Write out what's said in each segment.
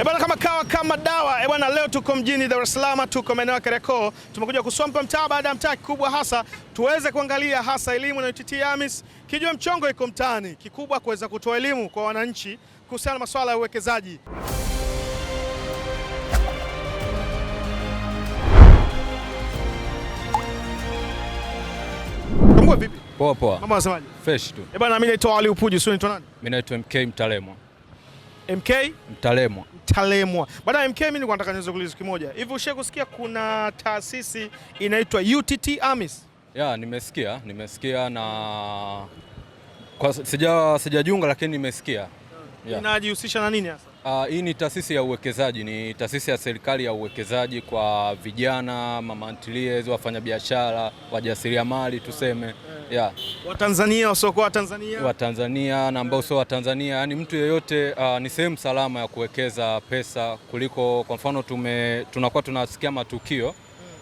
Eh bwana, kama kawa kama dawa eh bwana leo tuko mjini Dar es Salaam, tuko maeneo ya Kariakoo. Tumekuja kuswampa mtaa baada ya mtaa, kikubwa hasa tuweze kuangalia hasa elimu na UTT AMIS kijue mchongo iko mtaani, kikubwa kuweza kutoa elimu kwa wananchi kuhusiana na masuala ya uwekezaji. Poa poa. Mama, unasemaje? Fresh tu. Eh bwana, mimi naitwa Ali Upuji, sio nitwa nani? Mimi naitwa MK Mtalemwa. MK Mtalemwa. Mtalemwa. Baada ya MK mimi nilikuwa nataka niweze kuuliza kimoja. Hivi ushe kusikia kuna taasisi inaitwa UTT AMIS? Ya, nimesikia, nimesikia na kwa sija sija lakini nimesikia. Inajihusisha na nini hasa? Uh, hii ni taasisi ya uwekezaji, ni taasisi ya serikali ya uwekezaji kwa vijana, mama wafanyabiashara, wajasiriamali tuseme, eh. yeah. Watanzania wasiokuwa Watanzania, Watanzania na ambao sio Watanzania, yani mtu yeyote. Uh, ni sehemu salama ya kuwekeza pesa kuliko kwa mfano tume, tunakuwa tunasikia matukio hmm.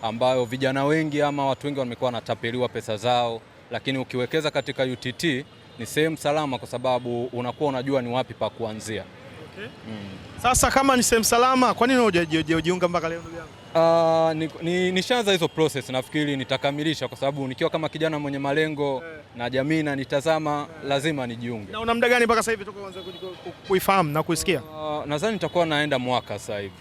ambayo vijana wengi ama watu wengi wamekuwa wanatapeliwa pesa zao, lakini ukiwekeza katika UTT ni sehemu salama, kwa sababu unakuwa unajua ni wapi pa kuanzia. Mm. Sasa kama ni sehemu salama, kwa nini hujajiunga mpaka leo ndugu yangu? Uh, nishaanza ni hizo process, nafikiri nitakamilisha kwa sababu nikiwa kama kijana mwenye malengo hey, eh. na jamii na nitazama hey, eh. lazima nijiunge. Na una muda gani mpaka sasa hivi toka kuifahamu na kuisikia? Uh, nadhani nitakuwa naenda mwaka sasa hivi.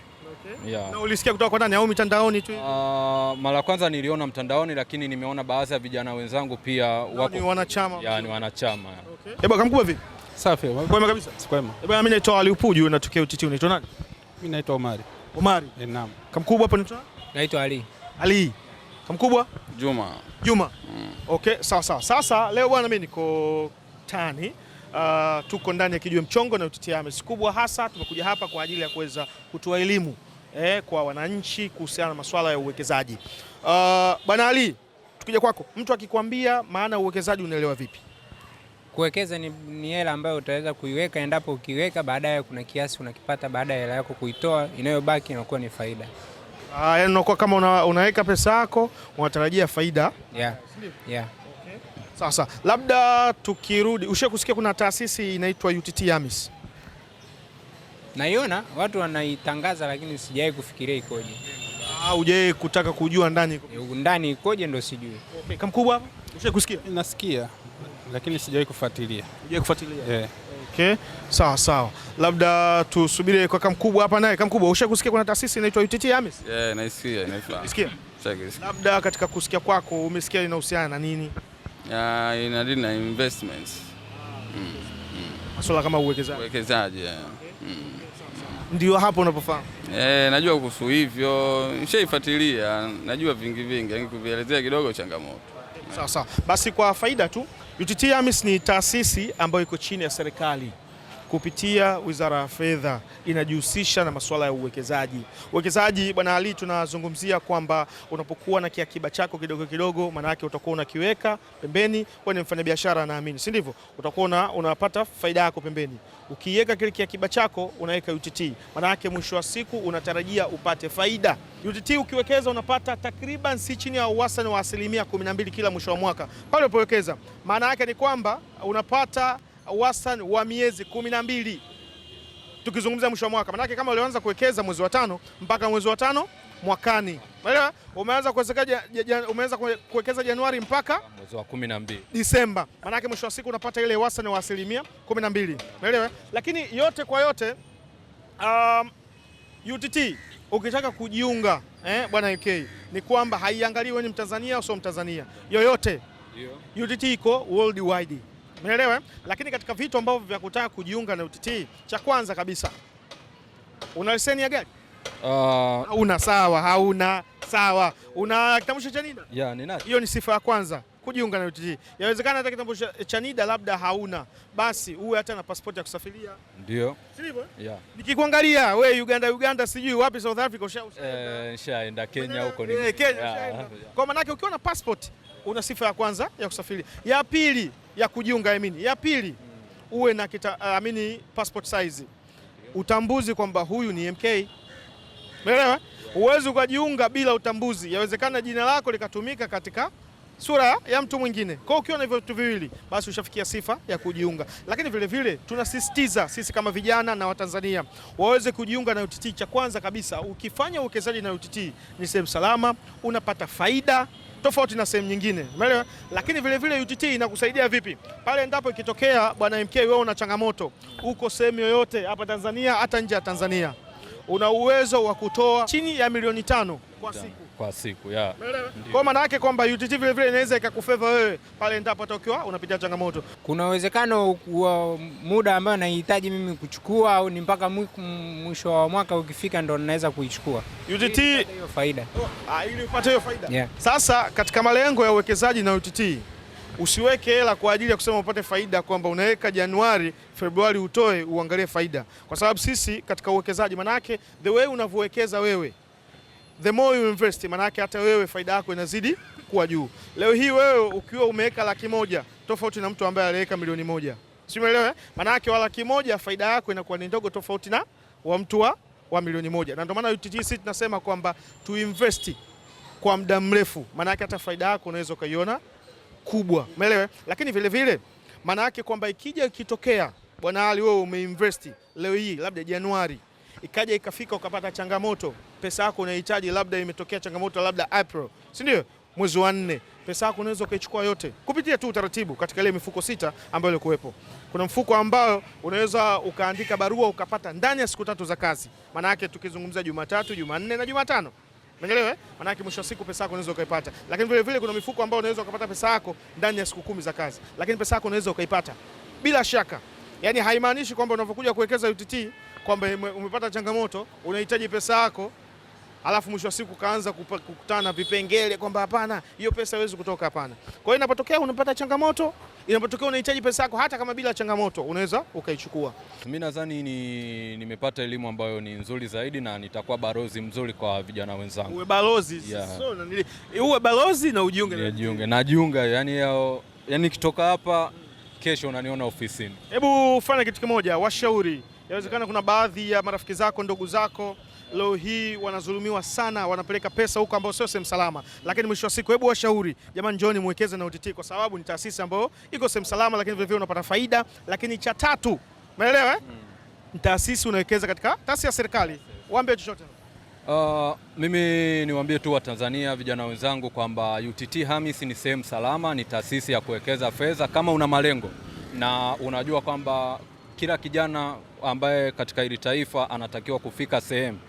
Okay. Yeah. Na ulisikia kutoka kwa nani au mitandaoni tu? Uh, mara kwanza niliona mtandaoni lakini nimeona baadhi ya vijana wenzangu pia wako. Ni wanachama. Ya, ni wanachama. Okay. Eh, Eba kamkubwa vipi? Safi. Kwema kabisa. Kwema. Bwana mimi naitwa Ali Upuju na tukio TT unaitwa nani? Mimi naitwa Omari. Omari. Eh, naam. Kamkubwa hapo unaitwa? Naitwa Ali. Ali. Kamkubwa? Juma. Juma. Mm. Okay, sawa sawa. Sasa leo bwana mimi niko tani Uh, tuko ndani ya Kijiwe Mchongo na UTT AMIS. Kubwa hasa tumekuja hapa kwa ajili ya kuweza kutoa elimu eh, kwa wananchi kuhusiana na masuala ya uwekezaji. Uh, Bwana Ali, tukija kwako, mtu akikwambia maana uwekezaji unaelewa vipi? Kuwekeza ni, ni hela ambayo utaweza kuiweka, endapo ukiweka baadaye kuna kiasi unakipata baada ya hela yako kuitoa, inayobaki inakuwa ni faida. Ah, yani unakuwa kama una, unaweka pesa yako unatarajia faida. Yeah. Yeah. Okay. Sasa labda tukirudi, ushe kusikia kuna taasisi inaitwa UTT AMIS. Naiona watu wanaitangaza lakini sijawahi kufikiria ikoje. Ah, hujawahi kutaka kujua ndani ikoje? Ndani ikoje ndo sijui. Okay. Kamkubwa hapa? Ushe kusikia? Nasikia lakini sijawahi kufuatilia. Sijawahi kufuatilia. Eh. Okay. Sawa sawa. Labda tusubiri kwa Kamkubwa hapa naye. Kamkubwa, ushakusikia kuna taasisi inaitwa UTT AMIS? Yeah, naisikia, naifahamu. Nisikia? Labda katika kusikia kwako umesikia inahusiana na nini? Ya, ah, ina deal na investments. Ah. Mm. Mm. Masuala kama uwekezaji. Uwekezaji, yeah. Okay. Mm. Ndio hapo unapofahamu. Eh, najua kuhusu hivyo, nishaifuatilia, najua vingi vingi, Ningekuelezea kidogo changamoto. Sawa sawa. Basi kwa faida tu UTT AMIS ni taasisi ambayo iko chini ya serikali kupitia Wizara ya Fedha inajihusisha na masuala ya uwekezaji. Uwekezaji Bwana Ali, tunazungumzia kwamba unapokuwa na kiakiba chako kidogo kidogo, maana yake utakuwa unakiweka pembeni. Wewe ni mfanyabiashara, naamini, si ndivyo? Utakuwa unapata faida yako pembeni. Ukiweka kile kiakiba chako unaweka UTT, maana yake mwisho wa siku unatarajia upate faida. UTT ukiwekeza unapata takriban si chini ya uhasani wa asilimia 12 kila mwisho wa mwaka pale unapowekeza. Maana yake ni kwamba unapata wastani wa miezi kumi na mbili tukizungumza mwisho wa mwaka. Maanake kama ulianza kuwekeza mwezi wa tano mpaka mwezi wa tano mwakani, umeelewa? Umeanza kuwekeza umeanza kuwekeza Januari mpaka mwezi wa 12 Disemba, maanake mwisho wa siku unapata ile wastani wa asilimia 12, umeelewa? Lakini yote kwa yote um, UTT ukitaka kujiunga eh, bwana UK ni kwamba haiangalii wewe ni Mtanzania au sio Mtanzania yoyote. Ndio. UTT iko worldwide. Umeelewa? Eh? Lakini katika vitu ambavyo vya kutaka kujiunga na UTT, cha kwanza kabisa una leseni ya gari? Uh, hauna sawa, hauna sawa. Una kitambulisho cha nini? Yeah, ninacho. Hiyo ni sifa ya kwanza kujiunga na UTT. Yawezekana hata kitambulisho cha NIDA labda hauna, basi uwe hata na pasipoti ya kusafiria. Ndio. Si Sivyo? Eh? Yeah. Nikikuangalia we Uganda Uganda sijui wapi South Africa usha usha. eh, nishaenda Kenya huko ni. Eh, Kenya Kwa maana yake ukiwa na passport una sifa ya kwanza ya kusafiria. Ya pili ya kujiunga amini. Ya pili hmm, uwe na kita, uh, amini passport size. Utambuzi kwamba huyu ni MK. Umeelewa? Eh? Huwezi ukajiunga bila utambuzi. Yawezekana jina lako likatumika katika sura ya mtu mwingine. Kwa hiyo ukiwa na hivyo vitu viwili, basi ushafikia sifa ya kujiunga. Lakini vile vile tunasisitiza sisi kama vijana na Watanzania waweze kujiunga na UTT. Cha kwanza kabisa, ukifanya uwekezaji na UTT ni sehemu salama, unapata faida tofauti na sehemu nyingine, umeelewa? Lakini vile vile UTT inakusaidia vipi pale endapo ikitokea bwana MK, wewe una changamoto uko sehemu yoyote hapa Tanzania, hata nje ya Tanzania, una uwezo wa kutoa chini ya milioni tano kwa siku kwa siku ya Kwa maana yake kwamba UTT vile vile inaweza ikakufeva wewe pale ndipo tokiwa unapitia changamoto. Kuna uwezekano wa muda ambayo nahitaji mimi kuchukua au ni mpaka mwisho wa mwaka ukifika ndo naweza kuichukua UTT hiyo faida. Oh, ah, ili upate hiyo faida. Yeah. Sasa katika malengo ya uwekezaji na UTT usiweke hela kwa ajili ya kusema upate faida, kwamba unaweka Januari, Februari utoe uangalie faida, kwa sababu sisi katika uwekezaji, manake the way unavyowekeza wewe the more you invest, maanake hata wewe faida yako inazidi kuwa juu. Leo hii wewe ukiwa umeweka laki moja tofauti na mtu ambaye aliweka milioni moja, si umeelewa? Eh? Maanake wa laki moja faida yako inakuwa ni ndogo tofauti na wa mtu wa, wa milioni moja, na ndio maana UTT sisi tunasema kwamba tu invest kwa muda mrefu, maanake hata faida yako unaweza ukaiona kubwa, umeelewa? Eh? Lakini vile vile maana yake kwamba ikija ikitokea bwana Ali, wewe umeinvest leo hii labda Januari ikaja ikafika ukapata changamoto, pesa yako unahitaji, labda imetokea changamoto, labda April, si ndio? mwezi wa nne, pesa yako unaweza ukaichukua yote kupitia tu utaratibu katika ile mifuko sita ambayo ilikuwepo. Kuna mfuko ambao unaweza ukaandika barua ukapata ndani ya siku tatu za kazi, maana yake tukizungumza Jumatatu, Jumanne na Jumatano. Umeelewa? Eh? Maana yake mwisho wa siku pesa yako unaweza ukaipata. Lakini vile vile kuna mifuko ambayo unaweza ukapata pesa yako ndani ya siku kumi za kazi, lakini pesa yako unaweza ukaipata bila shaka. Yaani haimaanishi kwamba unapokuja kuwekeza UTT kwamba umepata changamoto, unahitaji pesa yako, alafu mwisho wa siku kaanza kukutana vipengele kwamba hapana, hiyo pesa haiwezi kutoka, hapana. Kwa hiyo inapotokea unapata changamoto, inapotokea unahitaji pesa yako, hata kama bila changamoto unaweza ukaichukua. Mimi nadhani ni nimepata elimu ambayo ni nzuri zaidi, na nitakuwa balozi mzuri kwa vijana wenzangu. Uwe balozi, yeah. So, uwe balozi na ujiunge, na najiunga, yani yao, yani kitoka hapa kesho unaniona ofisini. Hebu fanya kitu kimoja, washauri Inawezekana kuna baadhi ya marafiki zako, ndugu zako leo hii wanazulumiwa sana, wanapeleka pesa huko ambao sio sehemu salama, lakini mwisho wa siku, hebu washauri jamani, njooni muwekeze na UTT kwa sababu ni taasisi ambayo iko sehemu salama, lakini vilevile unapata faida. Lakini cha tatu, umeelewa eh? Hmm. taasisi unawekeza katika taasisi ya serikali. Waambie chochote. Uh, mimi niwaambie tu Watanzania vijana wenzangu kwamba UTT Hamis ni sehemu salama, ni taasisi ya kuwekeza fedha kama una malengo na unajua kwamba kila kijana ambaye katika hili taifa anatakiwa kufika sehemu,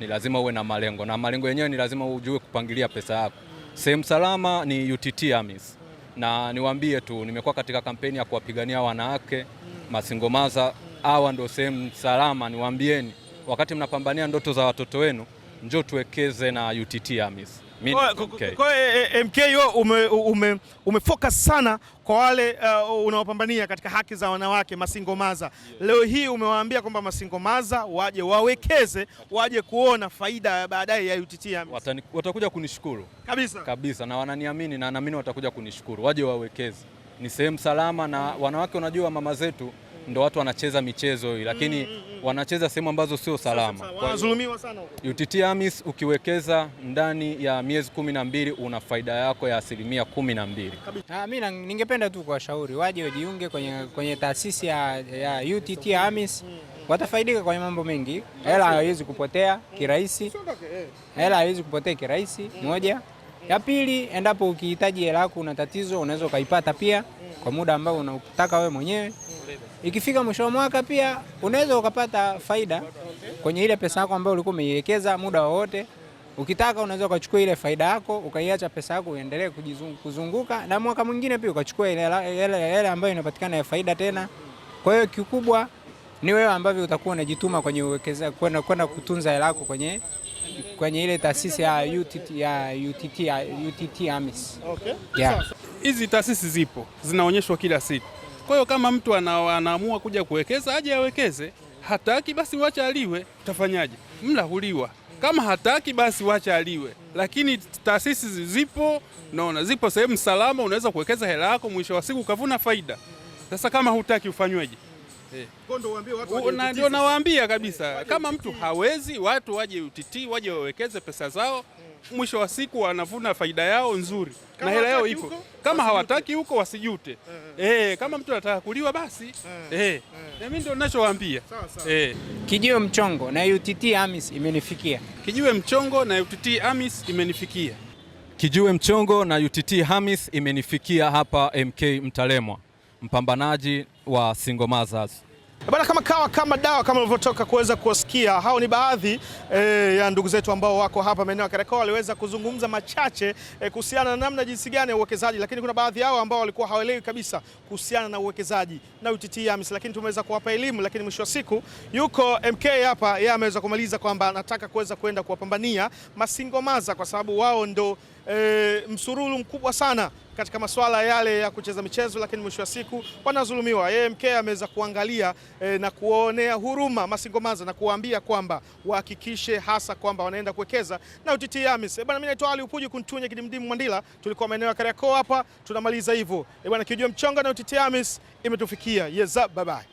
ni lazima uwe na malengo, na malengo yenyewe ni lazima ujue kupangilia pesa yako. Sehemu salama ni UTT AMIS, na niwaambie tu, nimekuwa katika kampeni ya kuwapigania wanawake masingomaza. Hawa ndio sehemu salama, niwaambieni, wakati mnapambania ndoto za watoto wenu njo tuwekeze na UTT AMIS. Kwa eh, eh, MK ume, ume, umefocus sana kwa wale uh, unaopambania katika haki za wanawake maza. yeah. Leo hii umewaambia kwamba masingo maza waje wawekeze, waje kuona faida ya baadaye ya UTT AMIS. Watani, watakuja kunishukuru kabisa kabisa, na wananiamini na naamini watakuja kunishukuru, waje wawekeze. Ni sehemu salama na wanawake, unajua mama zetu ndo watu wanacheza michezo hii, lakini mm, mm, mm. wanacheza sehemu ambazo sio salama. Wanadhulumiwa sana huko. UTT AMIS ukiwekeza ndani ya miezi kumi na mbili una faida yako ya asilimia kumi na mbili. Mimi ah, ningependa tu kuwashauri waje wajiunge kwenye, kwenye taasisi ya, ya UTT AMIS mm, mm. Watafaidika kwenye mambo mengi, hela haiwezi kupotea kirahisi, eh. hela haiwezi kupotea kirahisi moja ya pili, endapo ukihitaji hela yako una tatizo, unaweza ukaipata pia kwa muda ambao unataka wewe mwenyewe. Ikifika mwisho wa mwaka pia unaweza ukapata faida kwenye ile pesa yako ambayo ulikuwa umeiwekeza muda wowote. Ukitaka unaweza ukachukua ile faida yako ukaiacha pesa yako uendelee kuzunguka, na mwaka mwingine pia ukachukua ile ambayo inapatikana ya faida tena. Kwa hiyo kikubwa ni wewe ambavyo utakuwa unajituma kwenye uwekeza kwenda kwenda kutunza hela yako kwenye kwenye ile taasisi ya UTT ya UTT ya UTT AMIS. Okay. Yeah. Hizi taasisi zipo zinaonyeshwa kila siku. Kwa hiyo kama mtu anaamua kuja kuwekeza aje awekeze, hataki basi wacha aliwe, utafanyaje? Mla huliwa. Kama hataki basi wacha aliwe, lakini taasisi zipo, naona zipo sehemu salama, unaweza kuwekeza hela yako, mwisho wa siku ukavuna faida. Sasa kama hutaki ufanyweje? Eh. Ndio nawaambia kabisa, kama mtu hawezi, watu waje UTT waje wawekeze pesa zao mwisho wa siku wanavuna faida yao nzuri kama na hela yao ipo uko, kama hawataki huko wasijute e, e, kama mtu anataka kuliwa basi e, e, e, mimi ndio ninachowaambia e. Kijiwe mchongo na UTT AMIS imenifikia. Kijiwe mchongo na UTT AMIS imenifikia. Kijiwe mchongo na UTT AMIS imenifikia hapa MK Mtalemwa, mpambanaji wa Single Mothers. Bana, kama kawa kama dawa kama ulivyotoka kuweza kuwasikia, hao ni baadhi e, ya ndugu zetu ambao wako hapa maeneo ya Kariakoo waliweza kuzungumza machache e, kuhusiana na namna jinsi gani ya uwekezaji, lakini kuna baadhi yao ambao walikuwa hawaelewi kabisa kuhusiana na uwekezaji na UTT AMIS, lakini tumeweza kuwapa elimu. Lakini mwisho wa siku yuko MK hapa, yeye ameweza kumaliza kwamba anataka kuweza kwenda kuwapambania masingomaza kwa sababu wao ndo e, msururu mkubwa sana katika masuala yale ya kucheza michezo, lakini mwisho wa siku wanazulumiwa Yeye mkee ameweza kuangalia e, na kuonea huruma Masingomaza na kuwaambia kwamba wahakikishe hasa kwamba wanaenda kuwekeza na UTT AMIS. E bwana, mimi naitwa Ali Upuji kuntunye kidimdimu Mwandila, tulikuwa maeneo ya Kariakoo hapa, tunamaliza hivyo. E bwana, kijua mchonga na UTT AMIS imetufikia. Yes, bye bye.